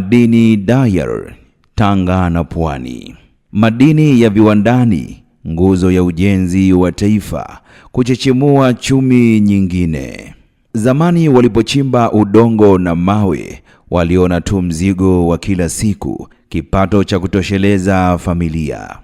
madini dyer Tanga na Pwani, madini ya viwandani, nguzo ya ujenzi wa taifa, kuchechemua chumi nyingine. Zamani walipochimba udongo na mawe, waliona tu mzigo wa kila siku, kipato cha kutosheleza familia.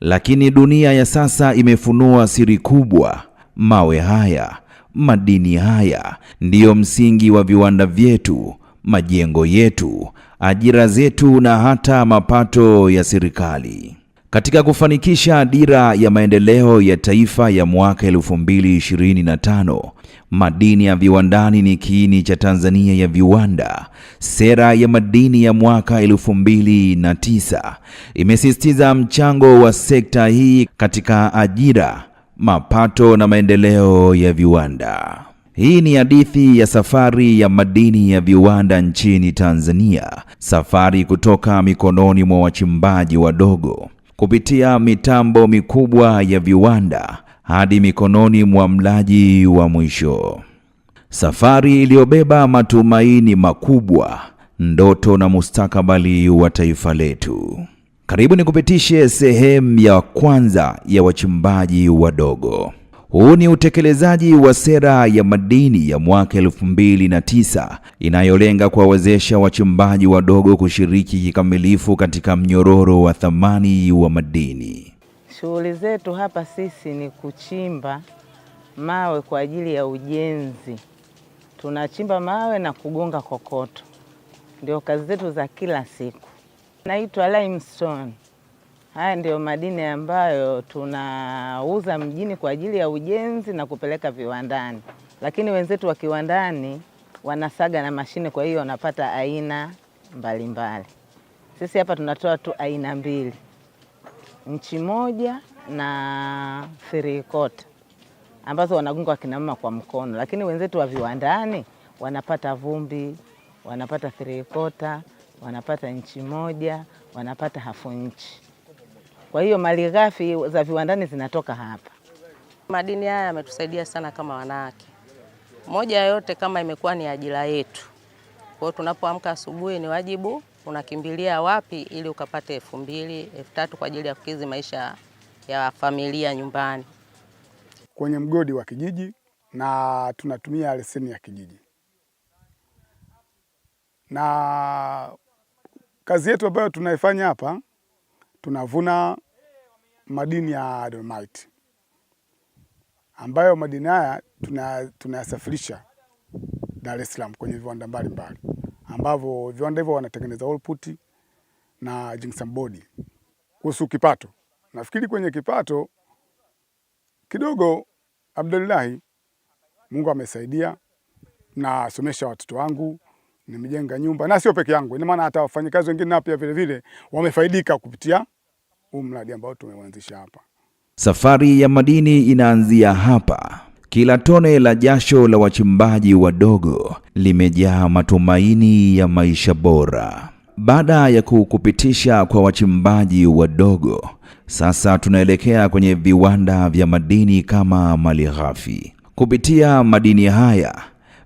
Lakini dunia ya sasa imefunua siri kubwa. Mawe haya, madini haya, ndiyo msingi wa viwanda vyetu, majengo yetu, ajira zetu na hata mapato ya serikali. Katika kufanikisha dira ya maendeleo ya taifa ya mwaka 2025, madini ya viwandani ni kiini cha Tanzania ya viwanda. Sera ya madini ya mwaka 2009 imesisitiza mchango wa sekta hii katika ajira, mapato na maendeleo ya viwanda. Hii ni hadithi ya safari ya madini ya viwanda nchini Tanzania, safari kutoka mikononi mwa wachimbaji wadogo kupitia mitambo mikubwa ya viwanda hadi mikononi mwa mlaji wa mwisho, safari iliyobeba matumaini makubwa, ndoto na mustakabali wa taifa letu. Karibu nikupitishe sehemu ya kwanza ya wachimbaji wadogo. Huu ni utekelezaji wa sera ya madini ya mwaka tisa inayolenga kuwawezesha wachimbaji wadogo kushiriki kikamilifu katika mnyororo wa thamani wa madini. Shughuli zetu hapa sisi ni kuchimba mawe kwa ajili ya ujenzi. Tunachimba mawe na kugonga kokoto, ndio kazi zetu za kila siku. Naitwa Limestone. Haya ndio madini ambayo tunauza mjini kwa ajili ya ujenzi na kupeleka viwandani, lakini wenzetu wa kiwandani wanasaga na mashine, kwa hiyo wanapata aina mbalimbali mbali. Sisi hapa tunatoa tu aina mbili, nchi moja na sirikota ambazo wanagunga wakinamama kwa mkono, lakini wenzetu wa viwandani wanapata vumbi, wanapata sirikota, wanapata nchi moja, wanapata hafu nchi. Kwa hiyo mali ghafi za viwandani zinatoka hapa. Madini haya yametusaidia sana kama wanawake, moja yote kama imekuwa ni ajira yetu. Kwa hiyo tunapoamka asubuhi, ni wajibu unakimbilia wapi ili ukapate elfu mbili elfu tatu kwa ajili ya kukidhi maisha ya familia nyumbani, kwenye mgodi wa kijiji, na tunatumia leseni ya kijiji na kazi yetu ambayo tunaifanya hapa tunavuna madini ya dolomite ambayo madini haya tunayasafirisha Dar es Salaam kwenye viwanda mbalimbali ambavyo viwanda hivyo wanatengeneza output na gypsum board. Kuhusu kipato, nafikiri kwenye kipato kidogo, Abdullahi, Mungu amesaidia, nasomesha watoto wangu nimejenga nyumba na sio peke yangu, ina maana hata wafanyakazi wengine nao pia vile vile wamefaidika kupitia huu mradi ambao tumeuanzisha hapa. Safari ya madini inaanzia hapa. Kila tone la jasho la wachimbaji wadogo limejaa matumaini ya maisha bora. Baada ya kukupitisha kwa wachimbaji wadogo, sasa tunaelekea kwenye viwanda vya madini kama malighafi. Kupitia madini haya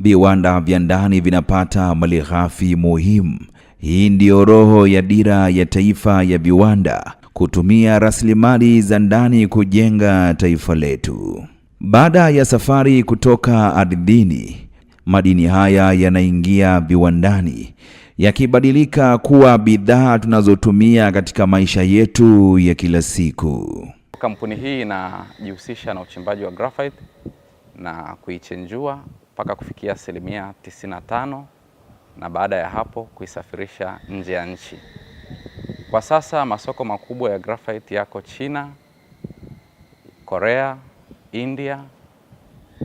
viwanda vya ndani vinapata malighafi muhimu. Hii ndiyo roho ya Dira ya Taifa ya Viwanda, kutumia rasilimali za ndani kujenga taifa letu. Baada ya safari kutoka ardhini, madini haya yanaingia viwandani, yakibadilika kuwa bidhaa tunazotumia katika maisha yetu ya kila siku. Kampuni hii inajihusisha na uchimbaji wa graphite na kuichenjua mpaka kufikia asilimia 95 na baada ya hapo kuisafirisha nje ya nchi. Kwa sasa masoko makubwa ya graphite yako China, Korea, India,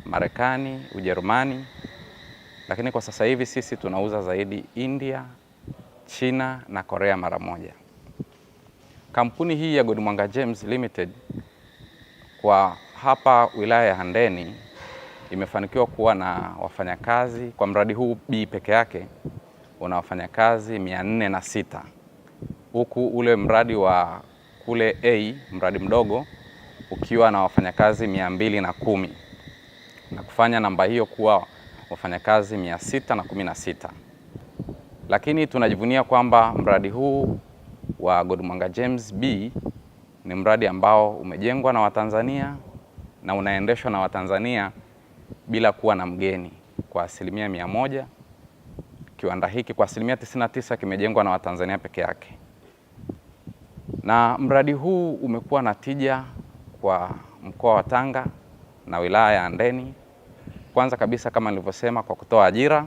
Marekani, Ujerumani, lakini kwa sasa hivi sisi tunauza zaidi India, China na Korea mara moja. Kampuni hii ya Godimwanga Gems Limited kwa hapa wilaya ya Handeni imefanikiwa kuwa na wafanyakazi kwa mradi huu B peke yake una wafanyakazi mia nne na sita huku ule mradi wa kule A mradi mdogo ukiwa na wafanyakazi mia mbili na kumi na kufanya namba hiyo kuwa wafanyakazi mia sita na kumi na sita lakini tunajivunia kwamba mradi huu wa Godmwanga James B ni mradi ambao umejengwa na Watanzania na unaendeshwa na Watanzania bila kuwa na mgeni kwa asilimia mia moja. Kiwanda hiki kwa asilimia tisa kimejengwa na Watanzania peke yake, na mradi huu umekuwa na tija kwa mkoa wa Tanga na wilaya ya Handeni. Kwanza kabisa kama nilivyosema, kwa kutoa ajira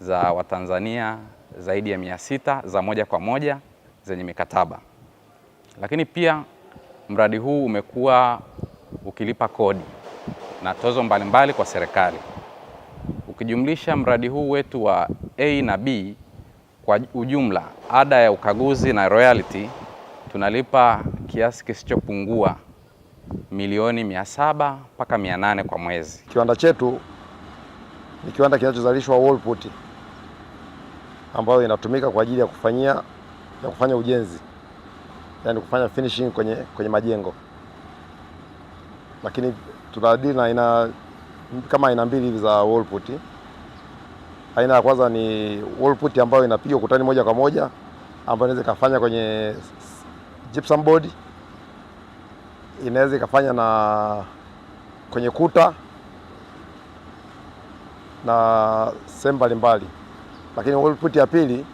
za Watanzania zaidi ya mia sita za moja kwa moja zenye mikataba, lakini pia mradi huu umekuwa ukilipa kodi na tozo mbalimbali kwa serikali. Ukijumlisha mradi huu wetu wa A na B kwa ujumla, ada ya ukaguzi na royalty tunalipa kiasi kisichopungua milioni mia saba mpaka mia nane kwa mwezi. Kiwanda chetu ni kiwanda kinachozalishwa wallput ambayo inatumika kwa ajili ya kufanyia ya kufanya ujenzi, yaani kufanya finishing kwenye, kwenye majengo lakini tunadili na aina kama aina mbili hivi za wall put. Aina ya kwanza ni wall put ambayo inapigwa kutani moja kwa moja, ambayo inaweza ikafanya kwenye gypsum board, inaweza ikafanya na kwenye kuta na sehemu mbalimbali, lakini wall put ya pili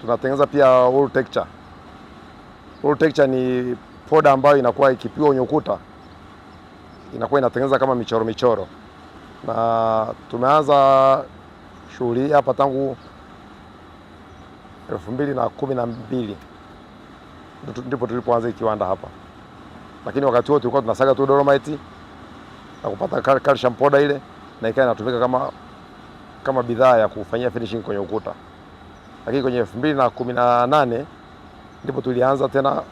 tunatengeneza pia wall texture. Wall texture ni poda ambayo inakuwa ikipigwa kwenye ukuta inakuwa inatengeneza kama michoro michoro, na tumeanza shughuli hii hapa tangu elfu mbili na kumi na mbili ndipo tulipoanza kiwanda hapa, lakini wakati huo tulikuwa tunasaga tu dolomite na kupata calcium powder ile, na ikawa inatumika kama, kama bidhaa ya kufanyia finishing kwenye ukuta. Lakini kwenye elfu mbili na kumi na nane ndipo tulianza tena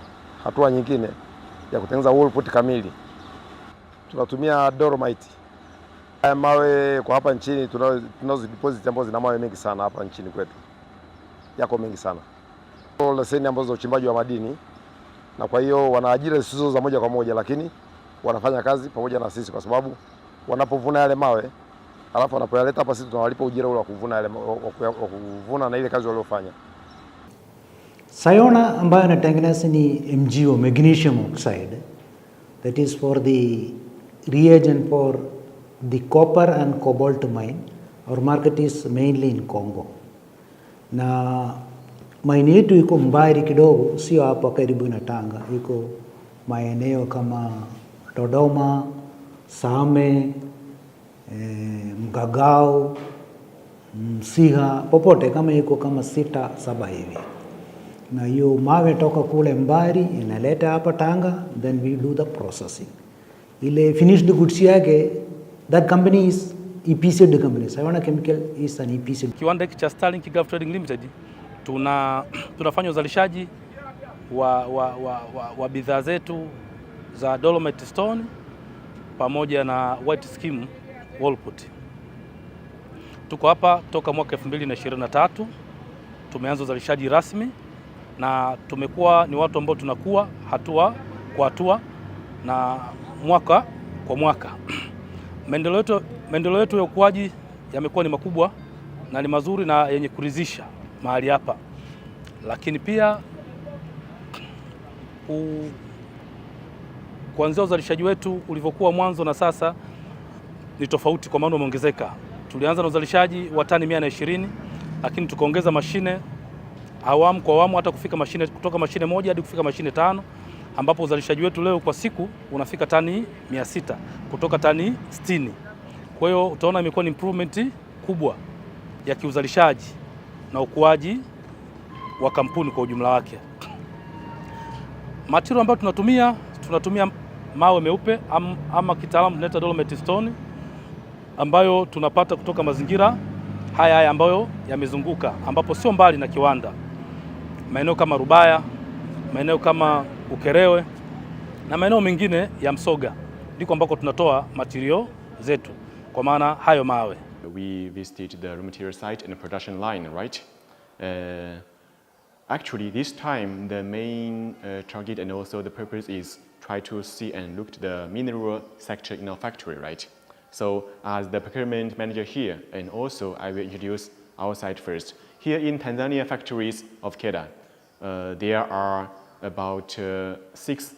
hatua nyingine ya kutengeneza wall put kamili tunatumia dolomite. Haya mawe kwa hapa nchini tunazo deposit ambazo zina mawe mengi sana hapa nchini kwetu, yako mengi sana leseni ambazo za uchimbaji wa madini, na kwa hiyo wana ajira zisizo za moja kwa moja, lakini wanafanya kazi pamoja na sisi, kwa sababu wanapovuna yale mawe alafu wanapoyaleta hapa, sisi tunawalipa ujira ule wa kuvuna yale wa kuvuna na ile kazi waliofanya. Sayona ambayo anatengeneza ni MgO, magnesium oxide that is for the reagent for the copper and cobalt mine. Our market is mainly in Congo. Na maini yetu iko mbari kidogo, sio hapa karibu na Tanga, iko maeneo kama Dodoma, Same, e, Mgagao, Msiha, popote kama iko kama sita saba hivi na hiyo mawe toka kule mbari inaleta hapa Tanga, then we do the processing. ಇಲ್ಲಿ finished ಗುಡ್ಸಿಯಾಗೆ that company is E P C company Savana Chemical is an EPC. Kiwanda hiki cha Starlink Gulf Trading Limited tuna tunafanya uzalishaji wa, wa, wa, wa, wa bidhaa zetu za dolomite stone pamoja na white skim wallput. Tuko hapa toka mwaka 2023 tumeanza uzalishaji rasmi na tumekuwa ni watu ambao tunakuwa hatua kwa hatua na mwaka kwa mwaka. Maendeleo yetu ya ukuaji yamekuwa ni makubwa na ni mazuri na yenye kuridhisha mahali hapa, lakini pia u... kuanzia uzalishaji wetu ulivyokuwa mwanzo na sasa ni tofauti, kwa maana umeongezeka. Tulianza na uzalishaji wa tani 120 lakini tukaongeza mashine awamu kwa awamu hata kufika mashine kutoka mashine moja hadi kufika mashine tano ambapo uzalishaji wetu leo kwa siku unafika tani 600 kutoka tani 60. Kwa hiyo utaona imekuwa ni improvement kubwa ya kiuzalishaji na ukuaji wa kampuni kwa ujumla wake. Matiro ambayo tunatumia tunatumia mawe meupe am, ama kitaalamu tunaita dolomite stone ambayo tunapata kutoka mazingira haya haya ambayo yamezunguka ambapo sio mbali na kiwanda, maeneo kama Rubaya, maeneo kama Ukerewe na maeneo mengine ya Msoga, ndiko ambako tunatoa zetu, kwa maana hayo mawe. We visited the raw material site and the production line, right? Uh, actually this time the main uh, target and also the purpose is try to see and look to the mineral sector in our factory, right? So as the procurement manager here, and also I will introduce our site first. Here in Tanzania factories of KEDA, uh, there are about uh, six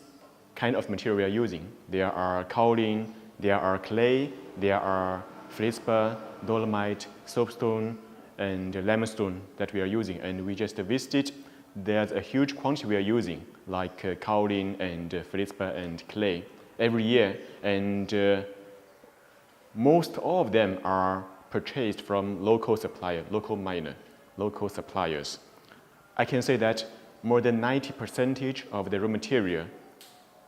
kind of material using. There are kaolin, there are clay, there are feldspar, dolomite, soapstone, and limestone that we are using. And we just visited, there's a huge quantity we are using, like uh, kaolin and uh, feldspar and clay every year. And uh, most of them are purchased from local supplier, local miner, local suppliers. I can say that more than 90% of the raw material,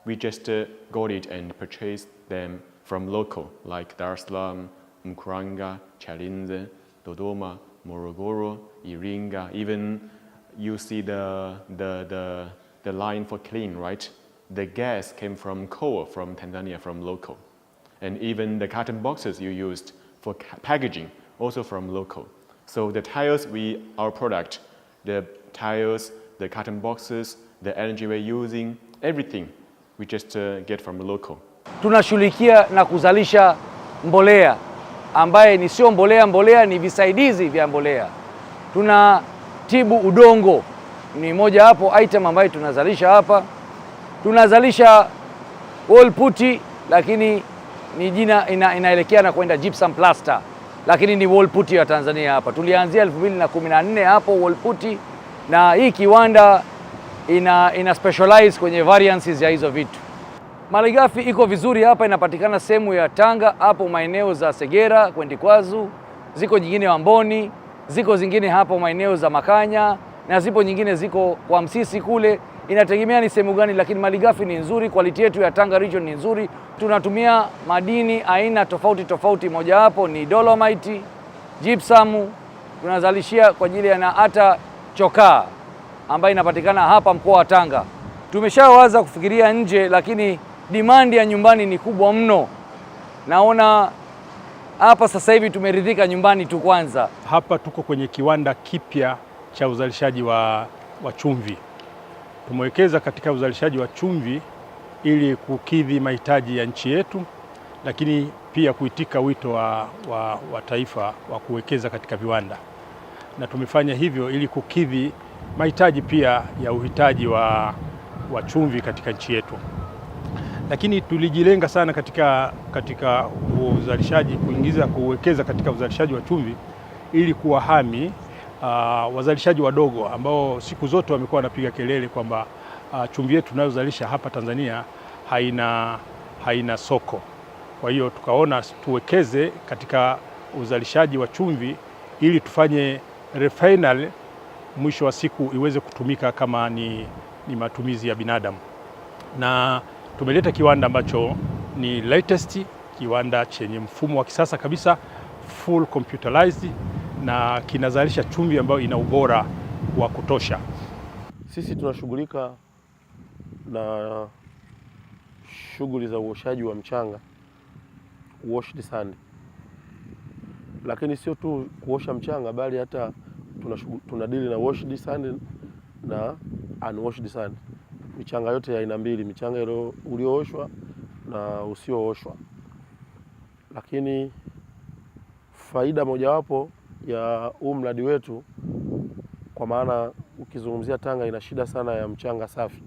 we just uh, got it and purchased them from local, like Dar es Salaam, Mkuranga, Chalinze, Dodoma, Morogoro, Iringa. Even you see the, the, the, the line for clean, right? The gas came from coal from Tanzania, from local. And even the carton boxes you used for packaging, also from local. So the tiles we, our product, the tiles the carton boxes, the energy we're using, everything we just uh, get from local. Tunashughulikia na kuzalisha mbolea ambaye ni sio mbolea mbolea, ni visaidizi vya mbolea. Tunatibu udongo, ni moja wapo item ambayo tunazalisha hapa. Tunazalisha wall putty, lakini ni jina ina, inaelekea na kwenda gypsum plaster, lakini ni wall putty ya Tanzania hapa. Tulianzia 2014 hapo wall putty na hii kiwanda ina, ina specialize kwenye variances ya hizo vitu. Malighafi iko vizuri hapa, inapatikana sehemu ya Tanga hapo maeneo za Segera kwendi Kwazu, ziko nyingine Wamboni, ziko zingine hapo maeneo za Makanya na zipo nyingine ziko kwa Msisi kule, inategemea ni sehemu gani, lakini malighafi ni nzuri. Quality yetu ya Tanga region ni nzuri, tunatumia madini aina tofauti tofauti, mojawapo ni dolomite, gypsum tunazalishia kwa ajili ya na hata chokaa ambayo inapatikana hapa mkoa wa Tanga. Tumeshawaza kufikiria nje, lakini dimandi ya nyumbani ni kubwa mno. Naona hapa sasa hivi tumeridhika nyumbani tu kwanza. Hapa tuko kwenye kiwanda kipya cha uzalishaji wa, wa chumvi. Tumewekeza katika uzalishaji wa chumvi ili kukidhi mahitaji ya nchi yetu, lakini pia kuitika wito wa, wa, wa taifa wa kuwekeza katika viwanda na tumefanya hivyo ili kukidhi mahitaji pia ya uhitaji wa, wa chumvi katika nchi yetu, lakini tulijilenga sana katika, katika uzalishaji kuingiza kuwekeza katika uzalishaji wa chumvi ili kuwahami uh, wazalishaji wadogo ambao siku zote wamekuwa wanapiga kelele kwamba uh, chumvi yetu tunayozalisha hapa Tanzania haina, haina soko. Kwa hiyo tukaona tuwekeze katika uzalishaji wa chumvi ili tufanye refinal mwisho wa siku iweze kutumika kama ni, ni matumizi ya binadamu, na tumeleta kiwanda ambacho ni latest, kiwanda chenye mfumo wa kisasa kabisa full computerized, na kinazalisha chumvi ambayo ina ubora wa kutosha. Sisi tunashughulika na shughuli za uoshaji wa mchanga, washed sand lakini sio tu kuosha mchanga, bali hata tunadili na washed sand na unwashed sand, michanga yote ya aina mbili, michanga uliooshwa na usiooshwa. Lakini faida mojawapo ya huu mradi wetu, kwa maana ukizungumzia Tanga ina shida sana ya mchanga safi,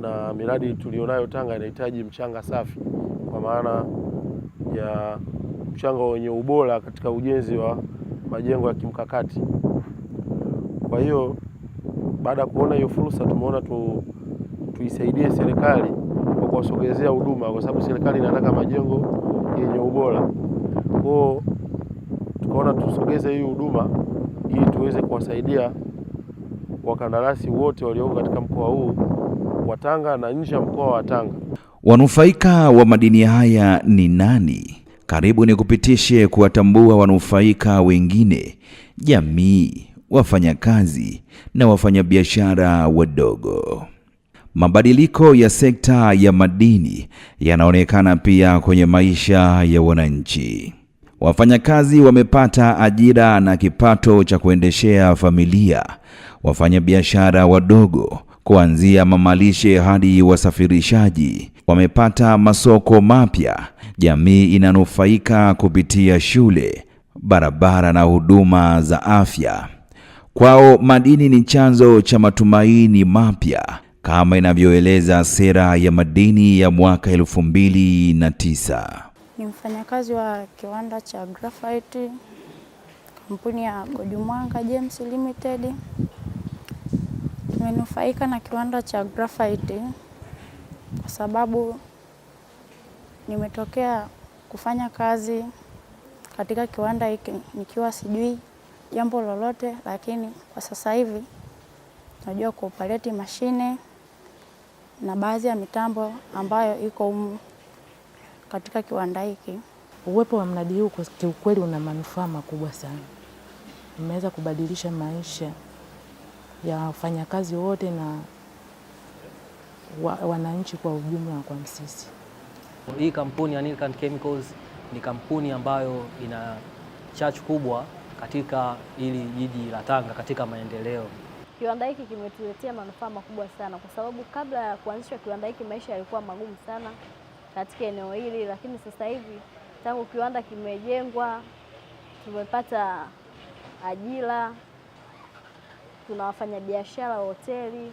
na miradi tulionayo Tanga inahitaji mchanga safi kwa maana ya mchanga wenye ubora katika ujenzi wa majengo ya kimkakati. Kwa hiyo baada ya kuona hiyo fursa, tumeona tu, tuisaidie serikali kwa kuwasogezea huduma, kwa sababu serikali inataka majengo yenye ubora. Kwao tukaona tusogeze hii huduma ili tuweze kuwasaidia wakandarasi wote walioko katika mkoa huu wa Tanga na nje ya mkoa wa Tanga. Wanufaika wa madini haya ni nani? Karibu nikupitishe kuwatambua wanufaika wengine, jamii, wafanyakazi na wafanyabiashara wadogo. Mabadiliko ya sekta ya madini yanaonekana pia kwenye maisha ya wananchi. Wafanyakazi wamepata ajira na kipato cha kuendeshea familia. Wafanyabiashara wadogo kuanzia mamalishe hadi wasafirishaji wamepata masoko mapya, jamii inanufaika kupitia shule, barabara na huduma za afya. Kwao madini ni chanzo cha matumaini mapya kama inavyoeleza sera ya madini ya mwaka elfu mbili na tisa. Ni mfanyakazi wa kiwanda cha graphite, kampuni ya Godimwanga James Limited. Tumenufaika na kiwanda cha graphite kwa sababu nimetokea kufanya kazi katika kiwanda hiki nikiwa sijui jambo lolote, lakini kwa sasa hivi najua kuopareti mashine na baadhi ya mitambo ambayo iko humu katika kiwanda hiki. Uwepo wa mradi huu kiukweli una manufaa makubwa sana, umeweza kubadilisha maisha ya wafanyakazi wote na wa, wananchi kwa ujumla kwa Msisi. Hii kampuni ya Nilkan Chemicals ni kampuni ambayo ina chachu kubwa katika hili jiji la Tanga katika maendeleo. Kiwanda hiki kimetuletea manufaa makubwa sana, kwa sababu kabla ya kuanzishwa kiwanda hiki maisha yalikuwa magumu sana katika eneo hili, lakini sasa hivi tangu kiwanda kimejengwa tumepata ajira, tuna wafanyabiashara wa hoteli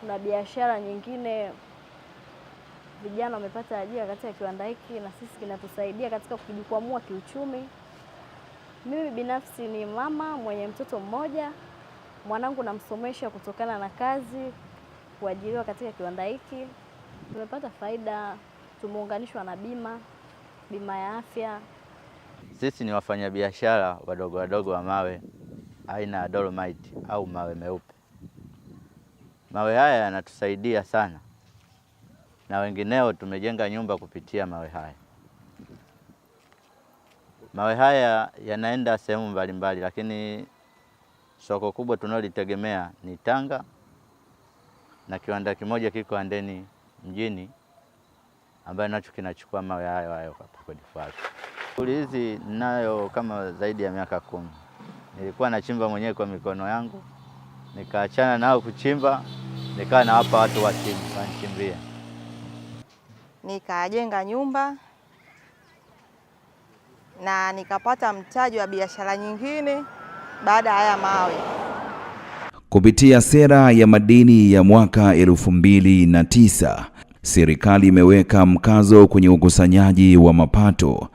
kuna biashara nyingine, vijana wamepata ajira katika kiwanda hiki, na sisi kinatusaidia katika kujikwamua kiuchumi. Mimi binafsi ni mama mwenye mtoto mmoja, mwanangu namsomesha kutokana na kazi kuajiriwa katika kiwanda hiki. Tumepata faida, tumeunganishwa na bima, bima ya afya. Sisi ni wafanyabiashara wadogo wadogo wa mawe aina ya dolomite au mawe meupe. Mawe haya yanatusaidia sana, na wengineo tumejenga nyumba kupitia mawe haya. Mawe haya yanaenda sehemu mbalimbali, lakini soko kubwa tunalolitegemea ni Tanga na kiwanda kimoja kiko Handeni mjini ambayo nacho kinachukua mawe hayo hayo kwa pakodi faki. Kuli hizi ninayo kama zaidi ya miaka kumi. Nilikuwa nachimba mwenyewe kwa mikono yangu nikaachana nao kuchimba, nikawa nawapa watu wanichimbia, nikajenga nyumba na nikapata mtaji wa biashara nyingine baada ya haya mawe. Kupitia sera ya madini ya mwaka elfu mbili na tisa serikali imeweka mkazo kwenye ukusanyaji wa mapato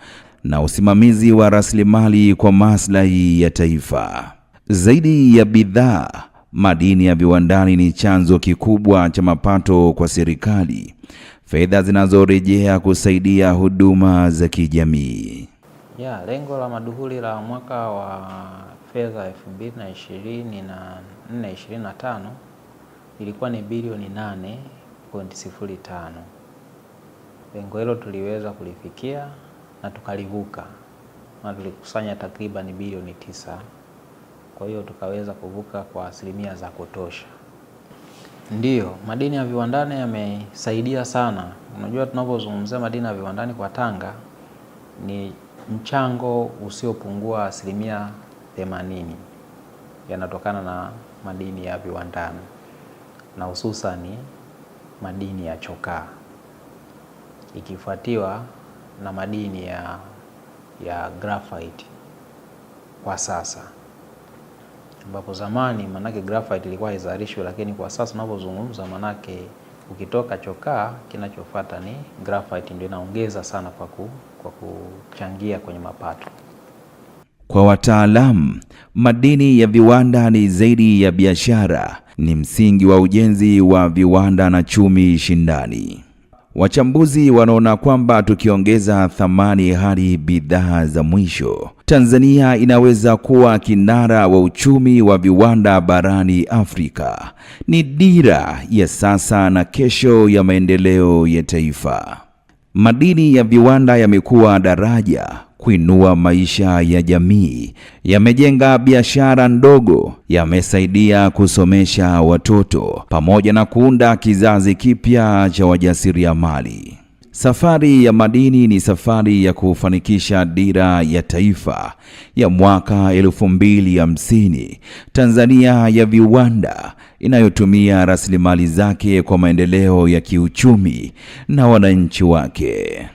na usimamizi wa rasilimali kwa maslahi ya taifa. Zaidi ya bidhaa madini ya viwandani ni chanzo kikubwa cha mapato kwa serikali, fedha zinazorejea kusaidia huduma za kijamii. Ya, lengo la maduhuli la mwaka wa fedha 2024 2025 ilikuwa ni bilioni 8.05. Lengo hilo tuliweza kulifikia na tukalivuka na tulikusanya takriban bilioni tisa kwa hiyo tukaweza kuvuka kwa asilimia za kutosha. Ndiyo, madini ya viwandani yamesaidia sana. Unajua, tunapozungumzia madini ya viwandani kwa Tanga ni mchango usiopungua asilimia themanini yanatokana na madini ya viwandani na hususani madini ya chokaa ikifuatiwa na madini ya, ya graphite kwa sasa ambapo zamani manake graphite ilikuwa haizalishwi, lakini kwa sasa tunapozungumza, manake ukitoka chokaa kinachofuata ni graphite, ndio inaongeza sana kwa, ku, kwa kuchangia kwenye mapato. Kwa wataalamu, madini ya viwanda ni zaidi ya biashara, ni msingi wa ujenzi wa viwanda na chumi shindani. Wachambuzi wanaona kwamba tukiongeza thamani hadi bidhaa za mwisho Tanzania inaweza kuwa kinara wa uchumi wa viwanda barani Afrika. Ni dira ya sasa na kesho ya maendeleo ya taifa. Madini ya viwanda yamekuwa daraja kuinua maisha ya jamii, yamejenga biashara ndogo, yamesaidia kusomesha watoto pamoja na kuunda kizazi kipya cha wajasiriamali. Safari ya madini ni safari ya kufanikisha dira ya taifa ya mwaka elfu mbili Tanzania ya viwanda inayotumia rasilimali zake kwa maendeleo ya kiuchumi na wananchi wake.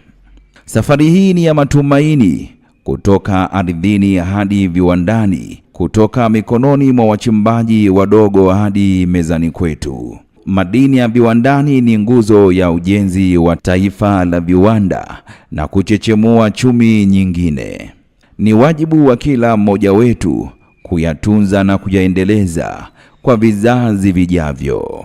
Safari hii ni ya matumaini kutoka ardhini hadi viwandani, kutoka mikononi mwa wachimbaji wadogo hadi mezani kwetu. Madini ya viwandani ni nguzo ya ujenzi wa taifa la viwanda na kuchechemua chumi nyingine. Ni wajibu wa kila mmoja wetu kuyatunza na kuyaendeleza kwa vizazi vijavyo.